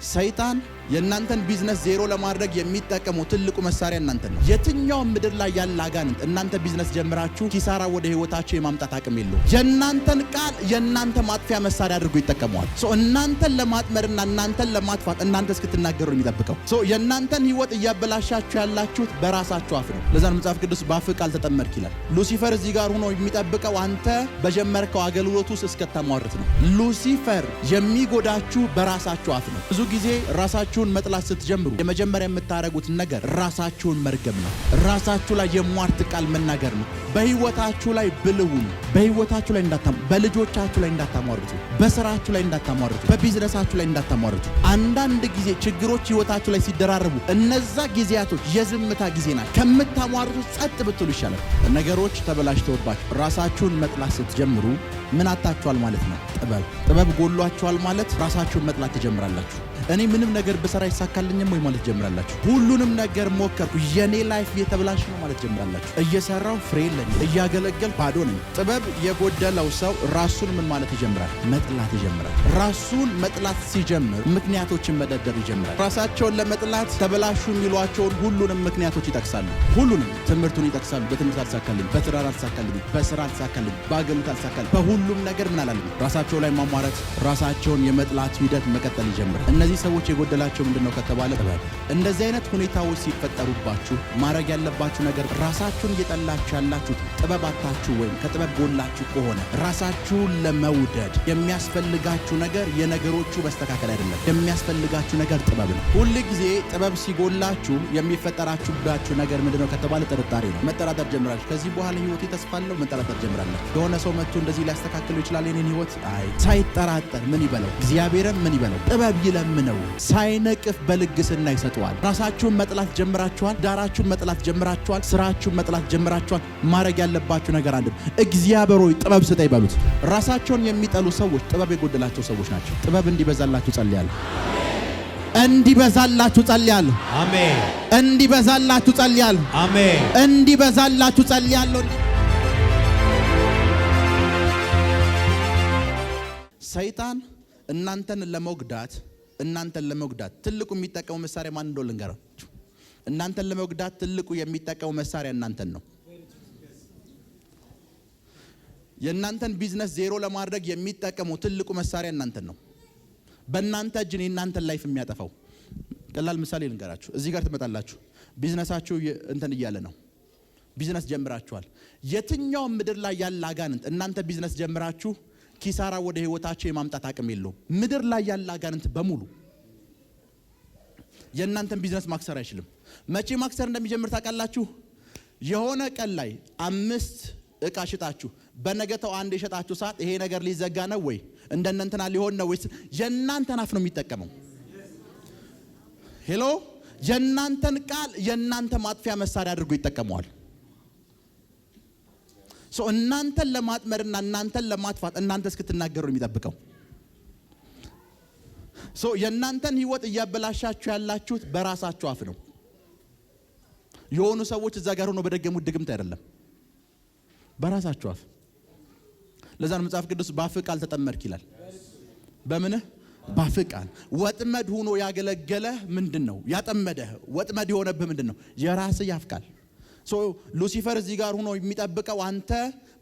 Satan, የእናንተን ቢዝነስ ዜሮ ለማድረግ የሚጠቀሙ ትልቁ መሳሪያ እናንተ ነው። የትኛውም ምድር ላይ ያለ አጋንንት እናንተ ቢዝነስ ጀምራችሁ ኪሳራ ወደ ህይወታችሁ የማምጣት አቅም የለው። የእናንተን ቃል የእናንተ ማጥፊያ መሳሪያ አድርጎ ይጠቀመዋል። እናንተን ለማጥመርና እናንተን ለማጥፋት እናንተ እስክትናገሩ የሚጠብቀው የእናንተን ህይወት እያበላሻችሁ ያላችሁት በራሳችሁ አፍ ነው። ለዛን መጽሐፍ ቅዱስ በአፍ ቃል ተጠመድክ ይላል። ሉሲፈር እዚህ ጋር ሆኖ የሚጠብቀው አንተ በጀመርከው አገልግሎት ውስጥ እስከተሟርት ነው። ሉሲፈር የሚጎዳችሁ በራሳችሁ አፍ ነው። ብዙ ጊዜ ራሳችሁ ራሳችሁን መጥላት ስትጀምሩ የመጀመሪያ የምታደርጉት ነገር ራሳችሁን መርገም ነው። ራሳችሁ ላይ የሟርት ቃል መናገር ነው። በህይወታችሁ ላይ ብልው በህይወታችሁ ላይ እንዳታ በልጆቻችሁ ላይ እንዳታሟርቱ፣ በስራችሁ ላይ እንዳታሟርቱ፣ በቢዝነሳችሁ ላይ እንዳታሟርቱ። አንዳንድ ጊዜ ችግሮች ህይወታችሁ ላይ ሲደራረቡ እነዛ ጊዜያቶች የዝምታ ጊዜ ናቸው። ከምታሟርቱ ጸጥ ብትሉ ይሻላል። ነገሮች ተበላሽተውባችሁ ራሳችሁን መጥላት ስትጀምሩ ምን አታችኋል ማለት ነው? ጥበብ ጥበብ ጎሏችኋል ማለት ራሳችሁን መጥላት ትጀምራላችሁ። እኔ ምንም ነገር ብሰራ ይሳካልኝም ወይ ማለት ጀምራላችሁ። ሁሉንም ነገር ሞከርኩ፣ የኔ ላይፍ የተብላሽ ነው ማለት ጀምራላችሁ። እየሰራው ፍሬ የለኝ፣ እያገለገል ባዶ ነኝ። ጥበብ የጎደለው ሰው ራሱን ምን ማለት ይጀምራል? መጥላት ይጀምራል። ራሱን መጥላት ሲጀምር ምክንያቶችን መደርደር ይጀምራል። ራሳቸውን ለመጥላት ተበላሹ የሚሏቸውን ሁሉንም ምክንያቶች ይጠቅሳሉ። ሁሉንም ትምህርቱን ይጠቅሳሉ። በትምህርት አልሳካልኝ፣ በትዳር አልሳካልኝ፣ በስራ አልሳካልኝ፣ በአገልግሎት አልሳካልኝ፣ በሁሉም ነገር ምን አላለም ራሳቸው ላይ ማሟረት፣ ራሳቸውን የመጥላት ሂደት መቀጠል ይጀምራል። እነዚህ ሰዎች የጎደላ መፍትሄያቸው ምንድን ነው ከተባለ እንደዚህ አይነት ሁኔታዎች ሲፈጠሩባችሁ ማድረግ ያለባችሁ ነገር ራሳችሁን እየጠላችሁ ያላችሁት ጥበባታችሁ ወይም ከጥበብ ጎላችሁ ከሆነ ራሳችሁን ለመውደድ የሚያስፈልጋችሁ ነገር የነገሮቹ መስተካከል አይደለም። የሚያስፈልጋችሁ ነገር ጥበብ ነው። ሁል ጊዜ ጥበብ ሲጎላችሁ የሚፈጠራችሁባችሁ ነገር ምንድን ነው ከተባለ ጥርጣሬ ነው። መጠራጠር ጀምራለች። ከዚህ በኋላ ህይወት ተስፋ መጠራጠር ጀምራለች። የሆነ ሰው መጥቶ እንደዚህ ሊያስተካክለው ይችላል የኔን ህይወት ሳይጠራጠር ምን ይበለው፣ እግዚአብሔርም ምን ይበለው፣ ጥበብ ይለምነው ሳይ ሳይነቅፍ በልግስና ይሰጠዋል። ራሳችሁን መጥላት ጀምራችኋል። ዳራችሁን መጥላት ጀምራችኋል። ስራችሁን መጥላት ጀምራችኋል። ማድረግ ያለባችሁ ነገር አለ። እግዚአብሔር ሆይ ጥበብ ስጠ በሉት። ራሳቸውን የሚጠሉ ሰዎች ጥበብ የጎደላቸው ሰዎች ናቸው። ጥበብ እንዲበዛላችሁ ጸልያለሁ። እንዲበዛላችሁ ጸልያለሁ። አሜን። እንዲበዛላችሁ ጸልያለሁ። አሜን። እንዲበዛላችሁ ጸልያለሁ። ሰይጣን እናንተን ለመጉዳት እናንተን ለመጉዳት ትልቁ የሚጠቀሙ መሳሪያ ማን እንደሆነ ልንገራችሁ። እናንተን ለመጉዳት ትልቁ የሚጠቀሙ መሳሪያ እናንተን ነው። የእናንተን ቢዝነስ ዜሮ ለማድረግ የሚጠቀሙ ትልቁ መሳሪያ እናንተን ነው። በእናንተ እጅ የእናንተን ላይፍ የሚያጠፋው ቀላል ምሳሌ ልንገራችሁ። እዚህ ጋር ትመጣላችሁ። ቢዝነሳችሁ እንትን እያለ ነው። ቢዝነስ ጀምራችኋል። የትኛውም ምድር ላይ ያለ አጋንንት እናንተ ቢዝነስ ጀምራችሁ ኪሳራ ወደ ህይወታቸው የማምጣት አቅም የለውም። ምድር ላይ ያለ አጋንንት በሙሉ የእናንተን ቢዝነስ ማክሰር አይችልም። መቼ ማክሰር እንደሚጀምር ታውቃላችሁ? የሆነ ቀን ላይ አምስት እቃ ሽጣችሁ በነገተው አንድ የሸጣችሁ ሰዓት ይሄ ነገር ሊዘጋ ነው ወይ እንደነንትና ሊሆን ነው ወይስ የእናንተን አፍ ነው የሚጠቀመው? ሄሎ የእናንተን ቃል የእናንተ ማጥፊያ መሳሪያ አድርጎ ይጠቀመዋል። እናንተን ለማጥመድና እናንተን ለማጥፋት እናንተ እስክትናገሩ የሚጠብቀው የእናንተን ህይወት እያበላሻችሁ ያላችሁት በራሳችሁ አፍ ነው። የሆኑ ሰዎች እዛ ጋር ሆኖ በደገሙት ድግምት አይደለም፣ በራሳችሁ አፍ። ለዛ ነው መጽሐፍ ቅዱስ በአፍህ ቃል ተጠመድክ ይላል። በምንህ በአፍህ ቃል። ወጥመድ ሆኖ ያገለገለህ ምንድን ነው? ያጠመደህ ወጥመድ የሆነብህ ምንድን ነው? የራስህ ያፍ ቃል ሉሲፈር እዚህ ጋር ሆኖ የሚጠብቀው አንተ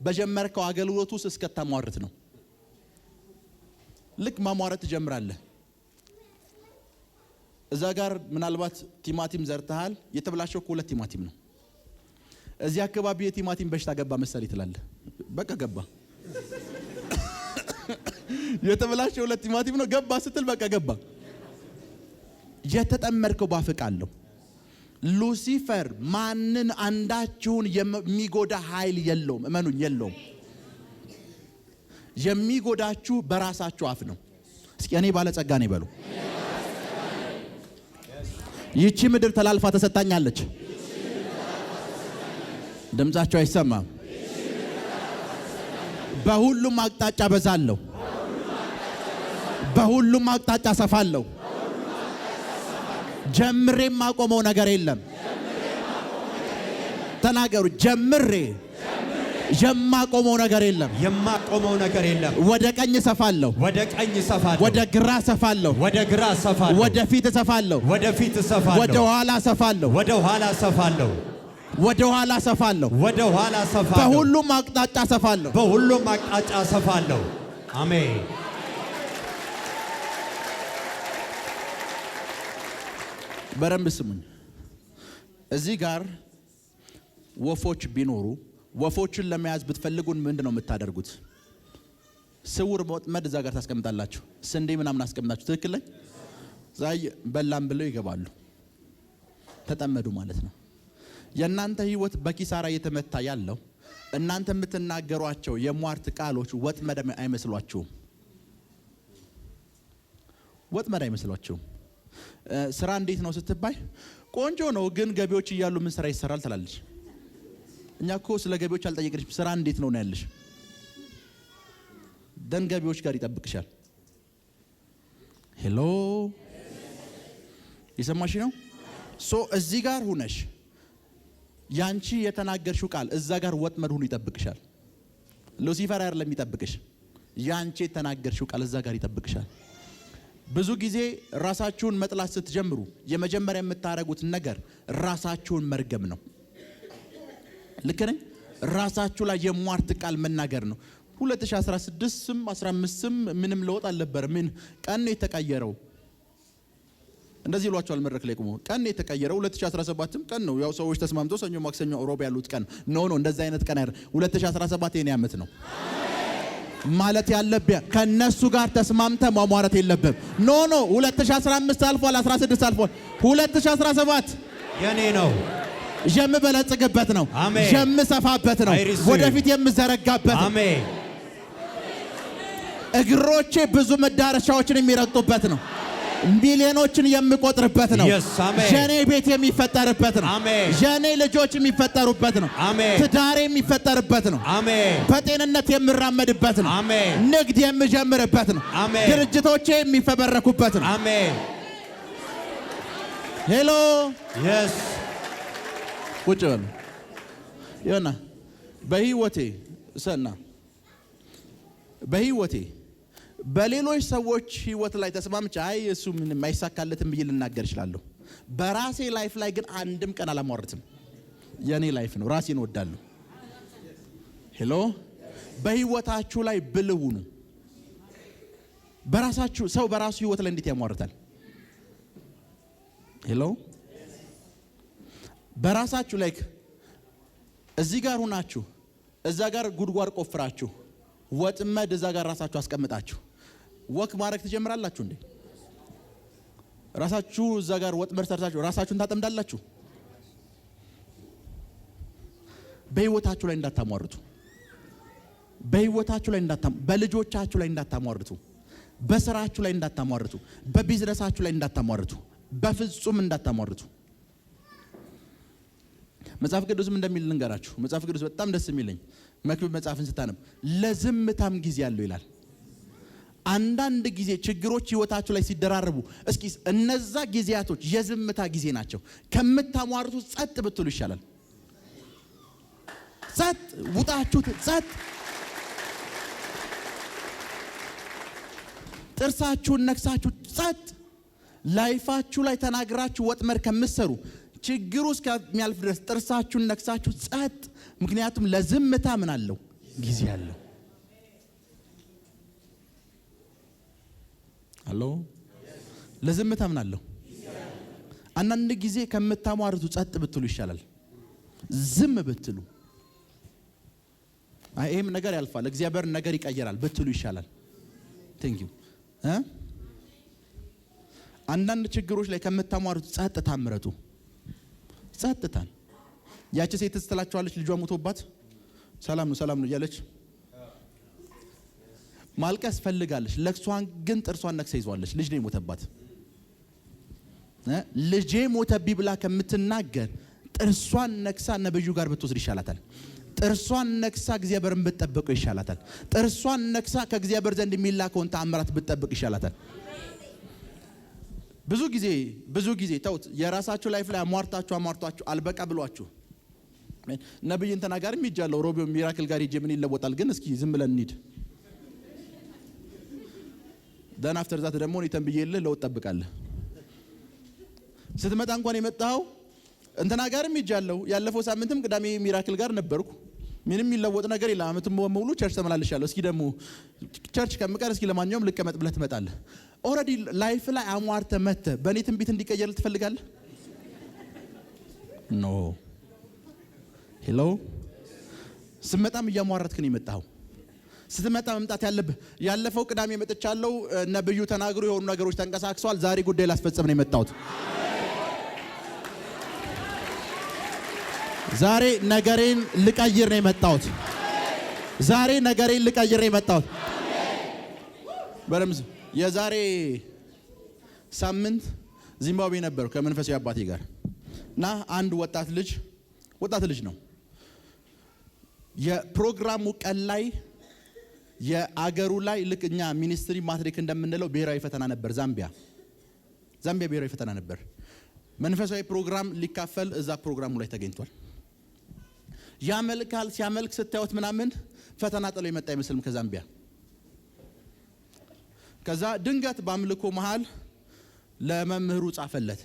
በጀመርከው አገልግሎት ውስጥ እስከታሟርት ነው። ልክ ማሟረት ትጀምራለህ። እዛ ጋር ምናልባት ቲማቲም ዘርተሃል። የተብላሸው ከሁለት ቲማቲም ነው። እዚህ አካባቢ የቲማቲም በሽታ ገባ መሰል ትላለህ። በቃ ገባ የተበላሸ ሁለት ቲማቲም ነው። ገባ ስትል በቃ ገባ። የተጠመድከው ባፍቃለሁ ሉሲፈር ማንን አንዳችሁን የሚጎዳ ኃይል የለውም። እመኑኝ የለውም። የሚጎዳችሁ በራሳችሁ አፍ ነው። እስኪ እኔ ባለጸጋ ነኝ በሉ። ይቺ ምድር ተላልፋ ተሰጣኛለች። ድምፃቸው አይሰማም። በሁሉም አቅጣጫ በዛለሁ። በሁሉም አቅጣጫ ሰፋለሁ። ጀምሬ የማቆመው ነገር የለም። ተናገሩ። ጀምሬ የማቆመው ነገር የለም። የማቆመው ነገር የለም። ወደ ቀኝ እሰፋለሁ፣ ወደ ቀኝ እሰፋለሁ፣ ወደ ግራ እሰፋለሁ፣ ወደ ግራ እሰፋለሁ፣ ወደ ፊት እሰፋለሁ፣ ወደ ፊት እሰፋለሁ፣ ወደ ኋላ እሰፋለሁ፣ ወደ ኋላ እሰፋለሁ፣ ወደ ኋላ እሰፋለሁ፣ ወደ ኋላ እሰፋለሁ፣ በሁሉም አቅጣጫ እሰፋለሁ፣ በሁሉም አቅጣጫ እሰፋለሁ። አሜን። በደንብ ስሙኝ። እዚህ ጋር ወፎች ቢኖሩ ወፎችን ለመያዝ ብትፈልጉን ምንድን ነው የምታደርጉት? ስውር መጥመድ እዛ ጋር ታስቀምጣላችሁ። ስንዴ ምናምን አስቀምጣችሁ ትክክል ላይ ዛይ በላም ብለው ይገባሉ። ተጠመዱ ማለት ነው። የእናንተ ህይወት በኪሳራ እየተመታ ያለው እናንተ የምትናገሯቸው የሟርት ቃሎች ወጥመድ አይመስሏችሁም። ወጥመድ አይመስሏችሁም። ስራ እንዴት ነው ስትባይ ቆንጆ ነው ግን ገቢዎች እያሉ ምን ስራ ይሰራል ትላለች። እኛ ኮ ስለ ገቢዎች አልጠየቅንሽም። ስራ እንዴት ነው ነው ያለሽ። ደን ገቢዎች ጋር ይጠብቅሻል። ሄሎ የሰማሽ ነው። ሶ እዚህ ጋር ሁነሽ ያንቺ የተናገርሽው ቃል እዛ ጋር ወጥመድ ሁኑ ይጠብቅሻል። ሉሲፈር አይደለም ይጠብቅሽ፣ ያንቺ የተናገርሽው ቃል እዛ ጋር ይጠብቅሻል። ብዙ ጊዜ ራሳችሁን መጥላት ስትጀምሩ የመጀመሪያ የምታደርጉት ነገር ራሳችሁን መርገም ነው። ልክ ነኝ? ራሳችሁ ላይ የሟርት ቃል መናገር ነው። 2016ም 15ም ምንም ለውጥ አልነበር። ምን ቀን ነው የተቀየረው? እንደዚህ ይሏቸዋል መድረክ ላይ ቆሞ ቀን ነው የተቀየረው። 2017ም ቀን ነው ያው ሰዎች ተስማምተው ሰኞ፣ ማክሰኞ፣ ሮብ ያሉት ቀን ነው። ኖ እንደዚህ አይነት ቀን አይደለም። 2017 የኔ ዓመት ነው። ማለት ያለብህ ከነሱ ጋር ተስማምተ ማሟረት የለብህም። ኖ ኖ 2015 አልፏል፣ 16 አልፏል። 2017 የኔ ነው፣ የምበለጽግበት ነው፣ የምሰፋበት ነው፣ ወደፊት የምዘረጋበት ነው። እግሮቼ ብዙ መዳረሻዎችን የሚረግጡበት ነው። ሚሊዮኖችን የሚቆጥርበት ነው። የኔ ቤት የሚፈጠርበት ነው። የኔ ልጆች የሚፈጠሩበት ነው። ትዳሬ የሚፈጠርበት ነው። በጤንነት የምራመድበት ነው። ንግድ የምጀምርበት ነው። ድርጅቶቼ የሚፈበረኩበት ነው። ሄሎ ቁጭ በሉ ዮና በህይወቴ ሰና በህይወቴ በሌሎች ሰዎች ህይወት ላይ ተስማምቼ አይ እሱ ምንም አይሳካለትም ብዬ ልናገር እችላለሁ። በራሴ ላይፍ ላይ ግን አንድም ቀን አላሟርትም። የእኔ ላይፍ ነው፣ ራሴን እወዳለሁ። ሄሎ፣ በህይወታችሁ ላይ ብልው ነው። በራሳችሁ ሰው በራሱ ህይወት ላይ እንዴት ያሟርታል? ሄሎ፣ በራሳችሁ ላይ እዚህ ጋር ሁናችሁ እዛ ጋር ጉድጓድ ቆፍራችሁ ወጥመድ እዛ ጋር ራሳችሁ አስቀምጣችሁ ወክ ማድረግ ትጀምራላችሁ እንዴ? ራሳችሁ እዛ ጋር ወጥመድ ሰርታችሁ ራሳችሁን ታጠምዳላችሁ። በህይወታችሁ ላይ እንዳታሟርቱ፣ በህይወታችሁ ላይ እንዳታ በልጆቻችሁ ላይ እንዳታሟርቱ፣ በስራችሁ ላይ እንዳታሟርቱ፣ በቢዝነሳችሁ ላይ እንዳታሟርቱ፣ በፍጹም እንዳታሟርቱ። መጽሐፍ ቅዱስም እንደሚል ልንገራችሁ። መጽሐፍ ቅዱስ በጣም ደስ የሚለኝ መክብብ መጽሐፍን ስታነብ ለዝምታም ጊዜ አለው ይላል። አንዳንድ ጊዜ ችግሮች ህይወታችሁ ላይ ሲደራረቡ እስኪ እነዛ ጊዜያቶች የዝምታ ጊዜ ናቸው ከምታሟርቱ ጸጥ ብትሉ ይሻላል። ጸጥ ውጣችሁ ጸጥ ጥርሳችሁን ነክሳችሁ ጸጥ ላይፋችሁ ላይ ተናግራችሁ ወጥመድ ከምትሰሩ ችግሩ እስከሚያልፍ ድረስ ጥርሳችሁን ነክሳችሁ ጸጥ። ምክንያቱም ለዝምታ ምን አለው ጊዜ አለው። አሎ ለዝም ታምናለሁ። አንዳንድ ጊዜ ከምታሟርቱ ጸጥ ብትሉ ይሻላል፣ ዝም ብትሉ ይህም ነገር ያልፋል፣ እግዚአብሔር ነገር ይቀየራል ብትሉ ይሻላል። ቴንክ አንዳንድ ችግሮች ላይ ከምታሟርቱ ጸጥታ ምረጡ። ጸጥታን ያቺ ሴት ስትላቸዋለች ልጇ ሙቶባት ሰላም ነው ሰላም ነው እያለች ማልቀስ ፈልጋለች። ለቅሷን ግን ጥርሷን ነክሰ ይዟለች። ልጅ ነው የሞተባት። ልጄ ሞተቢ ብላ ከምትናገር ጥርሷን ነክሳ ነብዩ ጋር ብትወስድ ይሻላታል። ጥርሷን ነክሳ እግዚአብሔርን ብትጠብቀው ይሻላታል። ጥርሷን ነክሳ ከእግዚአብሔር ዘንድ የሚላከውን ተአምራት ብትጠብቅ ይሻላታል። ብዙ ጊዜ ብዙ ጊዜ ተውት። የራሳችሁ ላይፍ ላይ አሟርታችሁ አሟርታችሁ አልበቃ ብሏችሁ ነብይ እንትና ጋር ሮቢዮ ሚራክል ጋር ሂጄ ምን ይለወጣል? ግን እስኪ ዝም ብለን እንሂድ ዳን አፍተር ዛት ደግሞ እኔ ተንብዬልህ ለውጥ ጠብቃለህ። ስትመጣ እንኳን የመጣኸው እንትና ጋርም ሄጃለሁ። ያለፈው ሳምንትም ቅዳሜ ሚራክል ጋር ነበርኩ። ምንም የሚለወጥ ነገር የለም። አመት በሙሉ ቸርች ተመላልሻለሁ። እስኪ ደግሞ ቸርች ከምቀር እስኪ ለማንኛውም ልቀመጥ ብለህ ትመጣለህ። ኦልሬዲ ላይፍ ላይ አሟርተ መተ በእኔ ትንቢት እንዲቀየር ትፈልጋለህ? ኖ ሄሎ። ስመጣም እያሟረትክ ነው የመጣኸው። ስትመጣ መምጣት ያለብህ ያለፈው ቅዳሜ መጥቻለሁ፣ ነብዩ ተናግሮ የሆኑ ነገሮች ተንቀሳቅሰዋል። ዛሬ ጉዳይ ላስፈጽም ነው የመጣሁት። ዛሬ ነገሬን ልቀይር ነው የመጣሁት። ዛሬ ነገሬን ልቀይር ነው የመጣሁት። በረምዝ የዛሬ ሳምንት ዚምባብዌ ነበርኩ ከመንፈሳዊ አባቴ ጋር እና አንድ ወጣት ልጅ ወጣት ልጅ ነው የፕሮግራሙ ቀን ላይ የአገሩ ላይ ልክ እኛ ሚኒስትሪ ማትሪክ እንደምንለው ብሔራዊ ፈተና ነበር። ዛምቢያ ዛምቢያ ብሔራዊ ፈተና ነበር። መንፈሳዊ ፕሮግራም ሊካፈል እዛ ፕሮግራሙ ላይ ተገኝቷል። ያመልካል። ሲያመልክ ስታዩት ምናምን ፈተና ጥሎ የመጣ አይመስልም ከዛምቢያ። ከዛ ድንገት በአምልኮ መሃል ለመምህሩ ጻፈለት።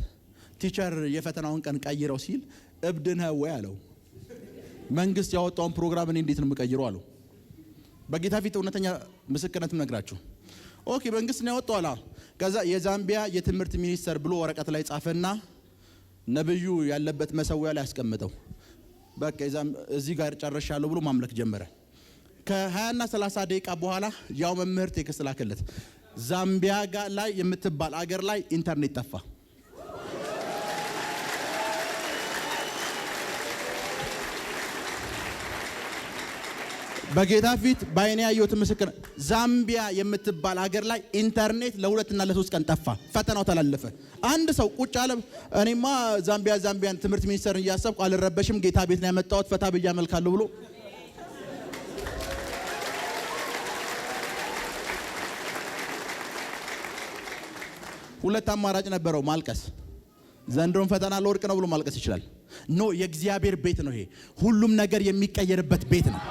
ቲቸር የፈተናውን ቀን ቀይረው ሲል እብድነ ወይ አለው። መንግስት ያወጣውን ፕሮግራም እኔ እንዴት ነው የምቀይረው አለው። በጌታ ፊት እውነተኛ ምስክርነት ነግራችሁ ኦኬ መንግስት ነው ያወጣው አላ ከዛ የዛምቢያ የትምህርት ሚኒስተር ብሎ ወረቀት ላይ ጻፈና ነብዩ ያለበት መሰዊያ ላይ አስቀምጠው በቃ የዛም እዚህ ጋር ጨርሻለሁ ብሎ ማምለክ ጀመረ። ከ20ና 30 ደቂቃ በኋላ ያው መምህር ቴክስት ላከለት ዛምቢያ ጋር ላይ የምትባል አገር ላይ ኢንተርኔት ጠፋ። በጌታ ፊት በአይኔ ያየሁት ምስክር ዛምቢያ የምትባል ሀገር ላይ ኢንተርኔት ለሁለትና ለሶስት ቀን ጠፋ። ፈተናው ተላለፈ። አንድ ሰው ቁጭ አለ። እኔማ ዛምቢያ ዛምቢያን ትምህርት ሚኒስቴርን እያሰብኩ አልረበሽም፣ ጌታ ቤት ነው ያመጣሁት፣ ፈታ ብዬ አመልካለሁ ብሎ ሁለት አማራጭ ነበረው ማልቀስ ዘንድሮን ፈተና ለወርቅ ነው ብሎ ማልቀስ ይችላል። ኖ የእግዚአብሔር ቤት ነው ይሄ። ሁሉም ነገር የሚቀየርበት ቤት ነው።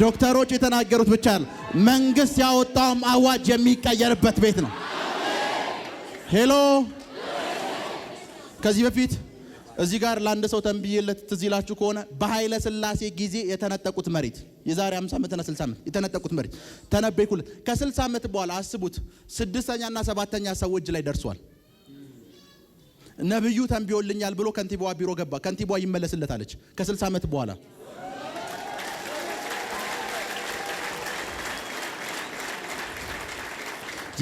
ዶክተሮች የተናገሩት ብቻ መንግስት ያወጣውም አዋጅ የሚቀየርበት ቤት ነው። ሄሎ ከዚህ በፊት እዚህ ጋር ለአንድ ሰው ተንብዬለት ትዝ ይላችሁ ከሆነ በኃይለ ስላሴ ጊዜ የተነጠቁት መሬት የዛሬ 50 ዓመት እና 60 ዓመት የተነጠቁት መሬት ተነበይኩል። ከ60 ዓመት በኋላ አስቡት፣ ስድስተኛና ሰባተኛ ሰው እጅ ላይ ደርሷል። ነብዩ ተንብዮልኛል ብሎ ከንቲባዋ ቢሮ ገባ። ከንቲባዋ ይመለስለታለች ከ60 ዓመት በኋላ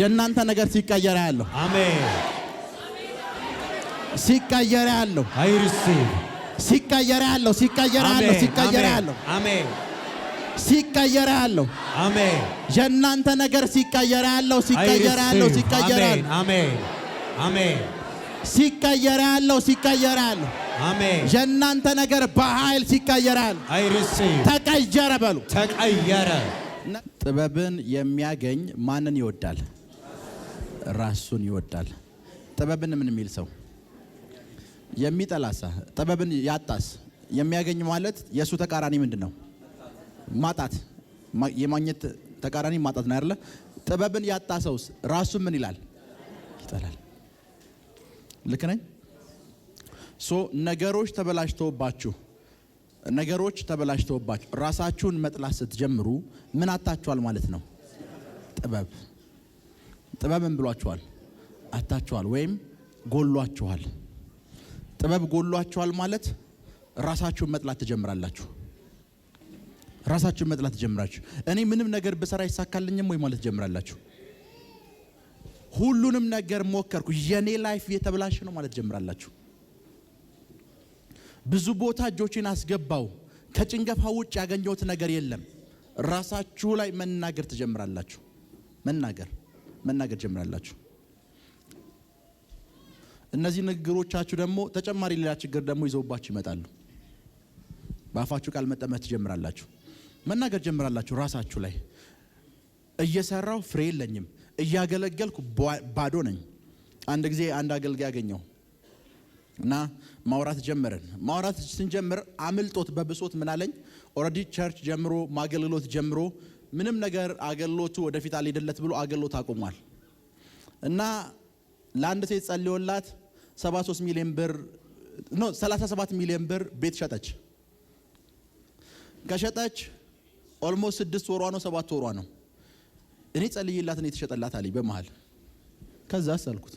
የእናንተ ነገር ሲቀየር ያለሁ አሜን። ሲቀየር ያለሁ አይርሲ ሲቀየር ያለሁ ሲቀየር ያለሁ ሲቀየር ያለሁ አሜን። ሲቀየር ያለሁ አሜን። የእናንተ ነገር ሲቀየር ያለሁ ሲቀየር ያለሁ ሲቀየር ያለሁ አሜን አሜን። ሲቀየር ያለሁ ሲቀየር ያለሁ አሜን። የእናንተ ነገር በኃይል ሲቀየር ያለሁ አይርሲ ተቀየረ በሉ ተቀየረ። ጥበብን የሚያገኝ ማንን ይወዳል? ራሱን ይወዳል። ጥበብን ምን የሚል ሰው የሚጠላሳ ጥበብን ያጣስ የሚያገኝ ማለት የእሱ ተቃራኒ ምንድን ነው? ማጣት። የማግኘት ተቃራኒ ማጣት ነው አይደለ? ጥበብን ያጣ ሰውስ ራሱን ምን ይላል? ይጠላል። ልክ ነኝ? ሶ ነገሮች ተበላሽተውባችሁ ነገሮች ተበላሽተውባችሁ ራሳችሁን መጥላት ስትጀምሩ ምን አታችኋል ማለት ነው? ጥበብ ጥበብን ብሏችኋል አታችኋል ወይም ጎሏችኋል። ጥበብ ጎሏችኋል ማለት ራሳችሁን መጥላት ትጀምራላችሁ። ራሳችሁን መጥላት ትጀምራችሁ እኔ ምንም ነገር ብሰራ ይሳካልኝም ወይ ማለት ትጀምራላችሁ። ሁሉንም ነገር ሞከርኩ የኔ ላይፍ የተብላሽ ነው ማለት ትጀምራላችሁ። ብዙ ቦታ እጆችን አስገባው ከጭንገፋ ውጭ ያገኘሁት ነገር የለም። ራሳችሁ ላይ መናገር ትጀምራላችሁ መናገር መናገር ጀምራላችሁ። እነዚህ ንግግሮቻችሁ ደግሞ ተጨማሪ ሌላ ችግር ደግሞ ይዘውባችሁ ይመጣሉ። በአፋችሁ ቃል መጠመት ትጀምራላችሁ፣ መናገር ጀምራላችሁ። ራሳችሁ ላይ እየሰራው ፍሬ የለኝም፣ እያገለገልኩ ባዶ ነኝ። አንድ ጊዜ አንድ አገልጋይ አገኘው እና ማውራት ጀመርን። ማውራት ስንጀምር አምልጦት በብሶት ምናለኝ ኦልሬዲ ቸርች ጀምሮ ማገልግሎት ጀምሮ ምንም ነገር አገልሎቱ ወደፊት አልሄደለት ብሎ አገልሎት አቁሟል እና ለአንድ ሴት ጸልዮላት 73 ሚሊዮን ብር ኖ 37 ሚሊዮን ብር ቤት ሸጠች። ከሸጠች ኦልሞስት ስድስት ወሯ ነው ሰባት ወሯ ነው። እኔ ጸልይላት እኔ ተሸጠላት አለኝ በመሃል ከዛ አሳልኩት።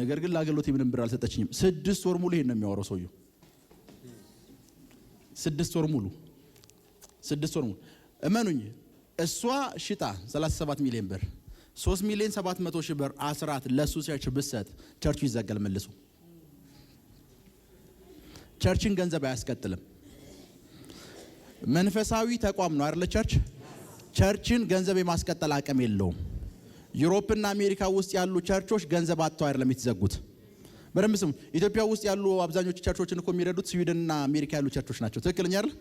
ነገር ግን ለአገልግሎት ምንም ብር አልሰጠችኝም። ስድስት ወር ሙሉ ይሄን ነው የሚያወራው ሰውየው። ስድስት ወር ሙሉ ስድስት ወር ሙሉ እመኑኝ እሷ ሽጣ 37 ሚሊዮን ብር 3 ሚሊዮን 700 ሺህ ብር አስራት ለሱ ቸርች ብሰጥ ቸርቹ ይዘጋል። መልሱ ቸርችን ገንዘብ አያስቀጥልም። መንፈሳዊ ተቋም ነው አይደለ? ቸርች ቸርችን ገንዘብ የማስቀጠል አቅም የለውም። ዩሮፕና አሜሪካ ውስጥ ያሉ ቸርቾች ገንዘብ አጥተው አይደለም የተዘጉት። በደንብ ስሙ። ኢትዮጵያ ውስጥ ያሉ አብዛኞቹ ቸርቾችን እኮ የሚረዱት ስዊድንና አሜሪካ ያሉ ቸርቾች ናቸው። ትክክለኛ አይደል?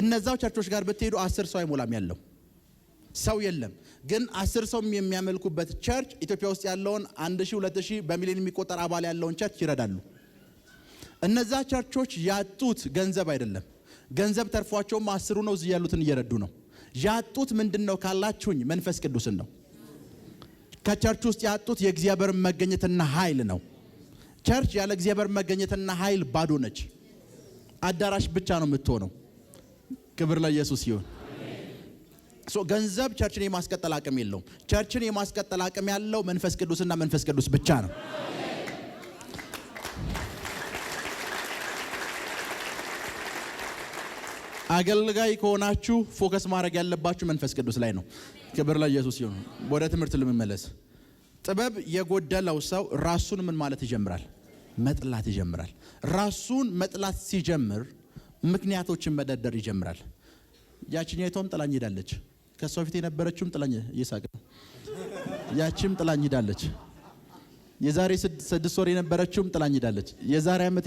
እነዛው ቸርቾች ጋር ብትሄዱ አስር ሰው አይሞላም ያለው ሰው የለም። ግን አስር ሰው የሚያመልኩበት ቸርች ኢትዮጵያ ውስጥ ያለውን አንድ ሺህ ሁለት ሺህ በሚሊዮን የሚቆጠር አባል ያለውን ቸርች ይረዳሉ። እነዛ ቸርቾች ያጡት ገንዘብ አይደለም። ገንዘብ ተርፏቸውም አስሩ ነው፣ እዚህ ያሉትን እየረዱ ነው። ያጡት ምንድን ነው ካላችሁኝ፣ መንፈስ ቅዱስን ነው። ከቸርች ውስጥ ያጡት የእግዚአብሔር መገኘትና ኃይል ነው። ቸርች ያለ እግዚአብሔር መገኘትና ኃይል ባዶ ነች። አዳራሽ ብቻ ነው የምትሆነው። ክብር ለኢየሱስ ይሁን። ገንዘብ ቸርችን የማስቀጠል አቅም የለውም። ቸርችን የማስቀጠል አቅም ያለው መንፈስ ቅዱስና መንፈስ ቅዱስ ብቻ ነው። አገልጋይ ከሆናችሁ ፎከስ ማድረግ ያለባችሁ መንፈስ ቅዱስ ላይ ነው። ክብር ለኢየሱስ ይሁን። ወደ ትምህርት ልምመለስ። ጥበብ የጎደለው ሰው ራሱን ምን ማለት ይጀምራል? መጥላት ይጀምራል። ራሱን መጥላት ሲጀምር ምክንያቶችን መደርደር ይጀምራል። ያችኛይቷም ጥላኝ ሄዳለች። ከሷ ፊት የነበረችውም ጥላኝ እየሳቀ ያችም ጥላኝ ሄዳለች። የዛሬ ስድስት ወር የነበረችውም ጥላኝ ሄዳለች። የዛሬ ዓመት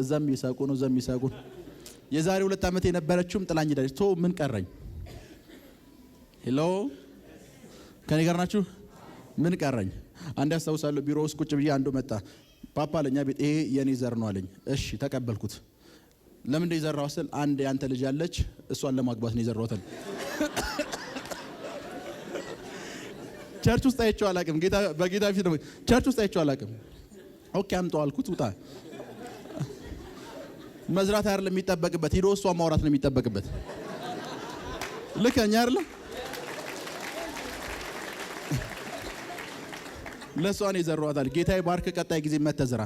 እዛም እየሳቁ ነው፣ እዛም እየሳቁ የዛሬ ሁለት ዓመት የነበረችውም ጥላኝ ሄዳለች። ቶ ምን ቀረኝ? ሄሎ ከኔ ጋር ናችሁ? ምን ቀረኝ? አንድ ያስታውሳለሁ። ቢሮ ውስጥ ቁጭ ብዬ አንዱ መጣ። ፓፓ ለኛ ቤት ይሄ የኔ ዘር ነው አለኝ። እሺ ተቀበልኩት። ለምን እንደ የዘራው ስል አንድ ያንተ ልጅ አለች እሷን ለማግባት ነው የዘራው ተል ቸርች ውስጥ አይቼው አላውቅም። ጌታ በጌታ ፊት ነው ቸርች ውስጥ አይቼው አላውቅም። ኦኬ አምጣው አልኩት። ውጣ መዝራት አይደለም የሚጠበቅበት ሂዶ እሷ ማውራት ነው የሚጠበቅበት። ልክ ነኝ አይደለም? ለእሷን የዘሯታል። ጌታ ባርክ። ቀጣይ ጊዜ መተዝራ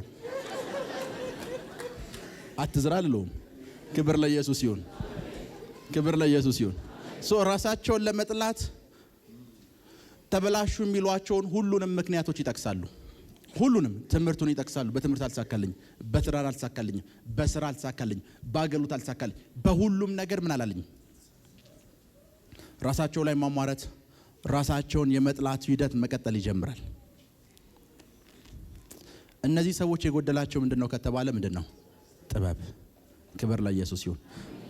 አትዝራ ልለውም። ክብር ለኢየሱስ ይሁን። ክብር ለኢየሱስ ይሁን። ሶ ራሳቸውን ለመጥላት ተበላሹ የሚሏቸውን ሁሉንም ምክንያቶች ይጠቅሳሉ። ሁሉንም ትምህርቱን ይጠቅሳሉ። በትምህርት አልተሳካልኝ፣ በትዳር አልተሳካልኝ፣ በስራ አልሳካለኝ በአገልግሎት አልተሳካልኝ፣ በሁሉም ነገር ምን አላለኝ። ራሳቸው ላይ ማሟረት፣ ራሳቸውን የመጥላት ሂደት መቀጠል ይጀምራል። እነዚህ ሰዎች የጎደላቸው ምንድን ነው ከተባለ ምንድን ነው? ጥበብ። ክብር ለኢየሱስ ይሁን።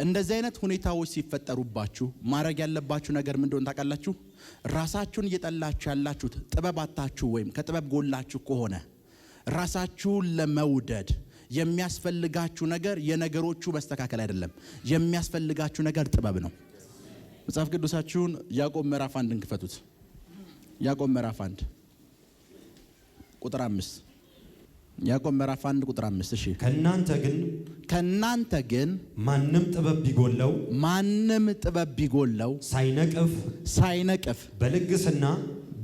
እንደዚህ አይነት ሁኔታዎች ሲፈጠሩባችሁ ማድረግ ያለባችሁ ነገር ምን እንደሆነ ታውቃላችሁ? ራሳችሁን እየጠላችሁ ያላችሁት ጥበብ አታችሁ ወይም ከጥበብ ጎላችሁ ከሆነ ራሳችሁን ለመውደድ የሚያስፈልጋችሁ ነገር የነገሮቹ መስተካከል አይደለም። የሚያስፈልጋችሁ ነገር ጥበብ ነው። መጽሐፍ ቅዱሳችሁን ያዕቆብ ምዕራፍ አንድ እንክፈቱት ያዕቆብ ምዕራፍ አንድ ቁጥር አምስት ያዕቆብ ምዕራፍ 1 ቁጥር 5 እሺ። ከናንተ ግን ከናንተ ግን ማንም ጥበብ ቢጎለው ማንም ጥበብ ቢጎለው ሳይነቅፍ ሳይነቅፍ በልግስና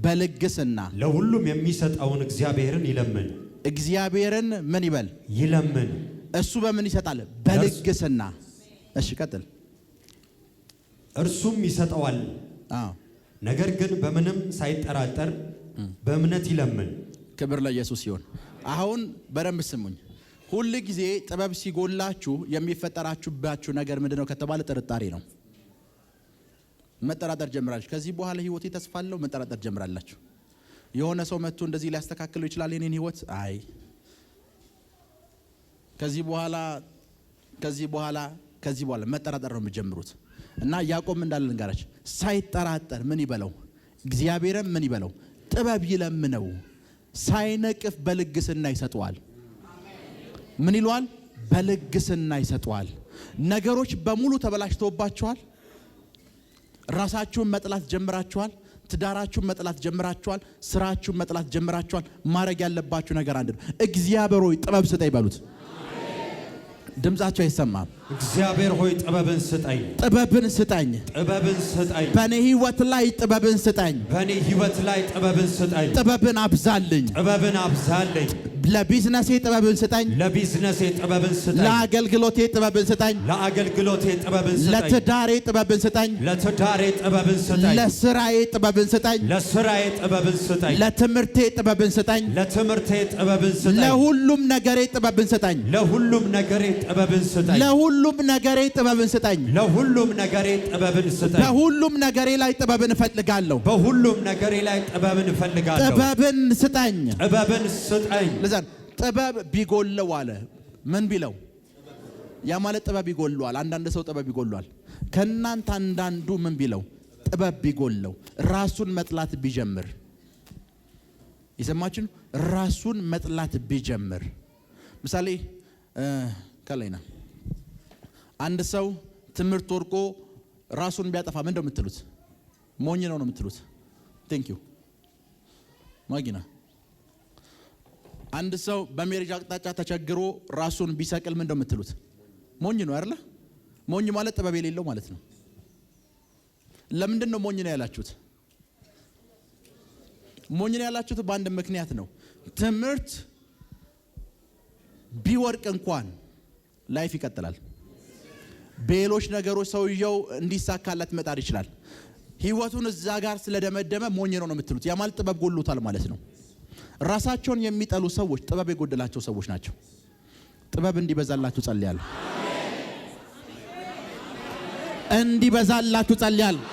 በልግስና ለሁሉም የሚሰጠውን እግዚአብሔርን ይለምን። እግዚአብሔርን ምን ይበል? ይለምን። እሱ በምን ይሰጣል? በልግስና። እሺ ቀጥል። እርሱም ይሰጠዋል። አዎ። ነገር ግን በምንም ሳይጠራጠር በእምነት ይለምን። ክብር ለኢየሱስ ይሁን። አሁን በደንብ ስሙኝ። ሁል ጊዜ ጥበብ ሲጎላችሁ የሚፈጠራችሁባችሁ ነገር ምንድነው ከተባለ ጥርጣሬ ነው። መጠራጠር ጀምራለች ከዚህ በኋላ ህይወት ተስፋ መጠራጠር ጀምራላችሁ። የሆነ ሰው መጥቶ እንደዚህ ሊያስተካክለው ይችላል የኔን ህይወት። አይ ከዚህ በኋላ ከዚህ በኋላ ከዚህ በኋላ መጠራጠር ነው የምጀምሩት። እና ያዕቆብ እንዳለ ልንገራችሁ፣ ሳይጠራጠር ምን ይበለው፣ እግዚአብሔርም ምን ይበለው፣ ጥበብ ይለምነው። ሳይነቅፍ በልግስና ይሰጠዋል። ምን ይሏል በልግስና ይሰጠዋል። ነገሮች በሙሉ ተበላሽተውባቸዋል። ራሳችሁን መጥላት ጀምራችኋል። ትዳራችሁን መጥላት ጀምራችኋል። ስራችሁን መጥላት ጀምራችኋል። ማድረግ ያለባችሁ ነገር አንድ ነው። እግዚአብሔር ሆይ ጥበብ ስጠ ይበሉት። ድምጻቸው አይሰማም። እግዚአብሔር ሆይ ጥበብን ስጠኝ፣ ጥበብን ስጠኝ፣ ጥበብን ስጠኝ። በኔ ህይወት ላይ ጥበብን ስጠኝ፣ በኔ ህይወት ላይ ጥበብን ስጠኝ። ጥበብን አብዛልኝ፣ ጥበብን አብዛልኝ ለቢዝነሴ ጥበብን ስጠኝ፣ ለቢዝነሴ ጥበብን ስጠኝ። ለአገልግሎቴ ጥበብን ስጠኝ፣ ለአገልግሎቴ ጥበብን ስጠኝ። ለትዳሬ ጥበብን ስጠኝ፣ ለትዳሬ ጥበብን ስጠኝ። ለስራዬ ጥበብን ስጠኝ፣ ለስራዬ ጥበብን ስጠኝ። ለትምህርቴ ጥበብን ስጠኝ፣ ለትምህርቴ ጥበብን ስጠኝ። ለሁሉም ነገሬ ጥበብን ስጠኝ፣ ለሁሉም ነገሬ ጥበብን ስጠኝ። ለሁሉም ነገሬ ጥበብን ስጠኝ፣ ለሁሉም ነገሬ ጥበብን ስጠኝ። በሁሉም ነገሬ ላይ ጥበብን እፈልጋለሁ፣ በሁሉም ነገሬ ላይ ጥበብን እፈልጋለሁ። ጥበብን ስጠኝ፣ ጥበብን ስጠኝ። ጥበብ ቢጎለው አለ። ምን ቢለው? ያ ማለት ጥበብ ይጎለዋል። አንዳንድ ሰው ጥበብ ይጎለዋል። ከእናንተ አንዳንዱ ምን ቢለው? ጥበብ ቢጎለው፣ ራሱን መጥላት ቢጀምር፣ የሰማችን ራሱን መጥላት ቢጀምር። ምሳሌ ከላይና አንድ ሰው ትምህርት ወርቆ ራሱን ቢያጠፋ ምን የምትሉት? ሞኝ ነው ነው የምትሉት? ቴንክ ዩ ማጊና አንድ ሰው በሜሬጅ አቅጣጫ ተቸግሮ ራሱን ቢሰቅል ምን እንደምትሉት? ሞኝ ነው አይደለ? ሞኝ ማለት ጥበብ የሌለው ማለት ነው። ለምንድን ነው ሞኝ ነው ያላችሁት? ሞኝ ነው ያላችሁት በአንድ ምክንያት ነው። ትምህርት ቢወርቅ እንኳን ላይፍ ይቀጥላል። በሌሎች ነገሮች ሰውየው እንዲሳካላት መጣር ይችላል። ህይወቱን እዛ ጋር ስለደመደመ ሞኝ ነው ነው የምትሉት። ያማል ጥበብ ጎሎታል ማለት ነው። ራሳቸውን የሚጠሉ ሰዎች ጥበብ የጎደላቸው ሰዎች ናቸው። ጥበብ እንዲበዛላችሁ ጸልያለሁ። እንዲበዛላችሁ ጸልያለሁ።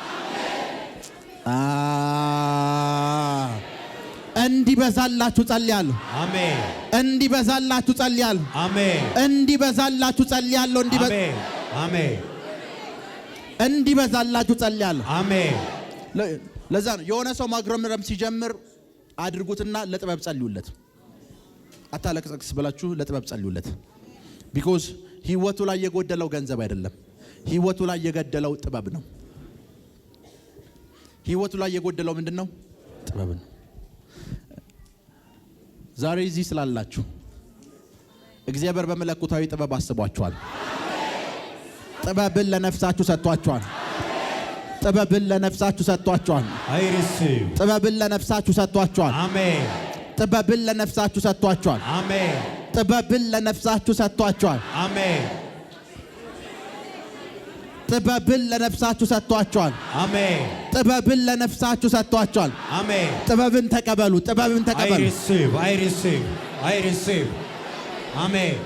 እንዲበዛላችሁ ጸልያለሁ። አሜን። እንዲበዛላችሁ ጸልያለሁ። አሜን። እንዲበዛላችሁ ጸልያለሁ። አሜን። እንዲበዛላችሁ ጸልያለሁ። አሜን። ለዛ ነው የሆነ ሰው ማግረምረም ሲጀምር አድርጉትና ለጥበብ ጸልዩለት። አታለቅስ ብላችሁ ለጥበብ ጸልዩለት። ቢኮዝ ህይወቱ ላይ የጎደለው ገንዘብ አይደለም፣ ህይወቱ ላይ የገደለው ጥበብ ነው። ህይወቱ ላይ የጎደለው ምንድን ነው? ጥበብ ነው። ዛሬ እዚህ ስላላችሁ እግዚአብሔር በመለኮታዊ ጥበብ አስቧችኋል። ጥበብን ለነፍሳችሁ ሰጥቷችኋል። ጥበብን ለነፍሳችሁ ሰጥቷቸዋል። ጥበብን ለነፍሳችሁ ሰጥቷቸዋል። ጥበብን ለነፍሳችሁ ሰጥቷቸዋል። ጥበብን ለነፍሳችሁ ሰጥቷቸዋል። ጥበብን ለነፍሳችሁ ሰጥቷቸዋል። አሜን። ጥበብን ለነፍሳችሁ ሰጥቷቸዋል። አሜን። ጥበብን ተቀበሉ። ጥበብን ተቀበሉ። አሜን።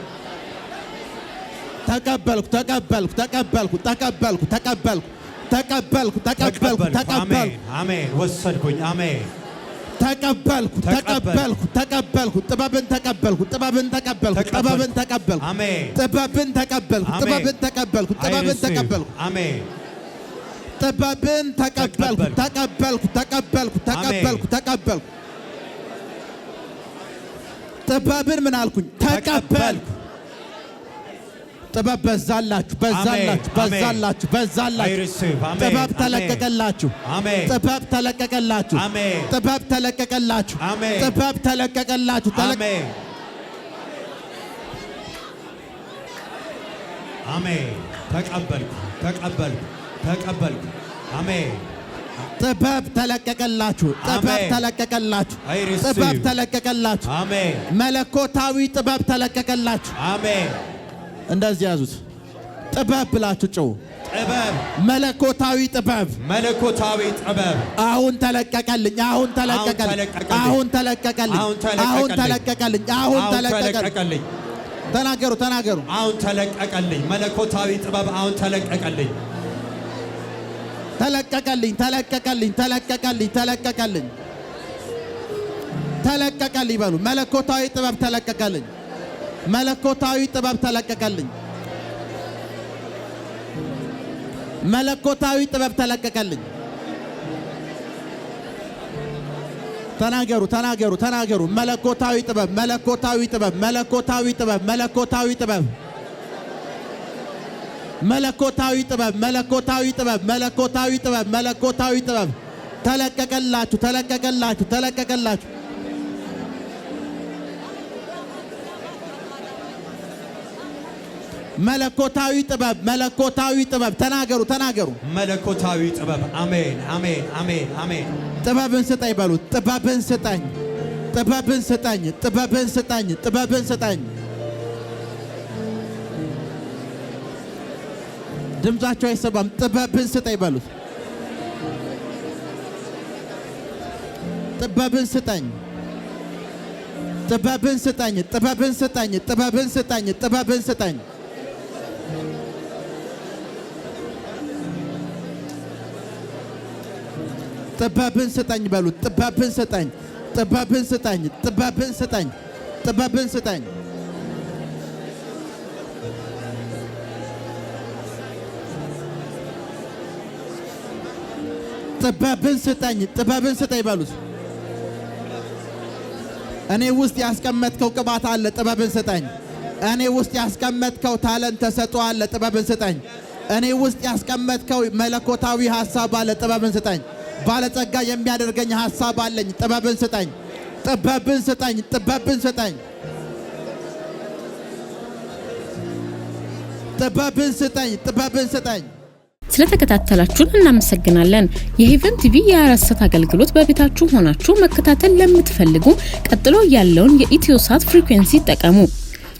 ተቀበልኩ፣ ተቀበልኩ፣ ተቀበልኩ፣ ተቀበልኩ፣ ተቀበልኩ ተቀበልኩ ተቀበልኩ ተቀበልኩ። አሜን ወሰድኩኝ። አሜን ተቀበልኩ ተቀበልኩ ተቀበልኩ። ጥበብን ተቀበልኩ ጥበብን ተቀበልኩ ጥበብን ተቀበልኩ። አሜን ጥበብን ተቀበልኩ ጥበብን ተቀበልኩ ጥበብን ተቀበልኩ። አሜን ጥበብን ተቀበልኩ ተቀበልኩ ተቀበልኩ ተቀበልኩ ተቀበልኩ። ጥበብን ምን አልኩኝ? ተቀበልኩ ጥበብ በዛላችሁ በዛላችሁ በዛላችሁ በዛላችሁ። ጥበብ ተለቀቀላችሁ። ጥበብ ተለቀቀላችሁ። ጥበብ ተለቀቀላችሁ። ጥበብ ተለቀቀላችሁ። አሜን። ተቀበልኩ ተቀበልኩ ተቀበልኩ። አሜን። ጥበብ ተለቀቀላችሁ። ጥበብ ተለቀቀላችሁ። ጥበብ ተለቀቀላችሁ። መለኮታዊ ጥበብ ተለቀቀላችሁ። አሜን። እንደዚህ ያዙት። ጥበብ ብላችሁ ጭው። ጥበብ መለኮታዊ ጥበብ መለኮታዊ ጥበብ አሁን ተለቀቀልኝ፣ አሁን ተለቀቀልኝ፣ አሁን ተለቀቀልኝ፣ አሁን ተለቀቀልኝ፣ አሁን ተለቀቀልኝ። ተናገሩ ተናገሩ። አሁን ተለቀቀልኝ። መለኮታዊ ጥበብ አሁን ተለቀቀልኝ፣ ተለቀቀልኝ፣ ተለቀቀልኝ፣ ተለቀቀልኝ፣ ተለቀቀልኝ፣ ተለቀቀልኝ በሉ። መለኮታዊ ጥበብ ተለቀቀልኝ። መለኮታዊ ጥበብ ተለቀቀልኝ። መለኮታዊ ጥበብ ተለቀቀልኝ። ተናገሩ ተናገሩ ተናገሩ። መለኮታዊ ጥበብ መለኮታዊ ጥበብ መለኮታዊ ጥበብ መለኮታዊ ጥበብ መለኮታዊ ጥበብ መለኮታዊ ጥበብ መለኮታዊ ጥበብ መለኮታዊ ጥበብ ተለቀቀላችሁ ተለቀቀላችሁ ተለቀቀላችሁ። መለኮታዊ ጥበብ መለኮታዊ ጥበብ ተናገሩ ተናገሩ። መለኮታዊ ጥበብ አሜን አሜን አሜን አሜን። ጥበብን ስጠኝ በሉት። ጥበብን ስጠኝ ጥበብን ስጠኝ ጥበብን ስጠኝ ጥበብን ስጠኝ። ድምጻቸው አይሰማም። ጥበብን ስጠኝ በሉት። ጥበብን ስጠኝ ጥበብን ስጠኝ ጥበብን ስጠኝ ጥበብን ስጠኝ ጥበብን ስጠኝ ጥበብን ስጠኝ በሉት። ጥበብን ስጠኝ፣ ጥበብን ስጠኝ፣ ጥበብን ስጠኝ፣ ጥበብን ስጠኝ። ጥበብን ስጠኝ፣ ጥበብን ስጠኝ በሉት። እኔ ውስጥ ያስቀመጥከው ቅባት አለ፣ ጥበብን ስጠኝ። እኔ ውስጥ ያስቀመጥከው ታለንት ተሰጥኦ አለ፣ ጥበብን ስጠኝ። እኔ ውስጥ ያስቀመጥከው መለኮታዊ ሐሳብ አለ፣ ጥበብን ስጠኝ። ባለጸጋ የሚያደርገኝ ሐሳብ አለኝ። ጥበብን ስጠኝ፣ ጥበብን ስጠኝ፣ ጥበብን ስጠኝ፣ ጥበብን ስጠኝ፣ ጥበብን ስጠኝ። ስለተከታተላችሁን እናመሰግናለን። የሄቨን ቲቪ የአራሰት አገልግሎት በቤታችሁ ሆናችሁ መከታተል ለምትፈልጉ ቀጥሎ ያለውን የኢትዮሳት ፍሪኩዌንሲ ይጠቀሙ።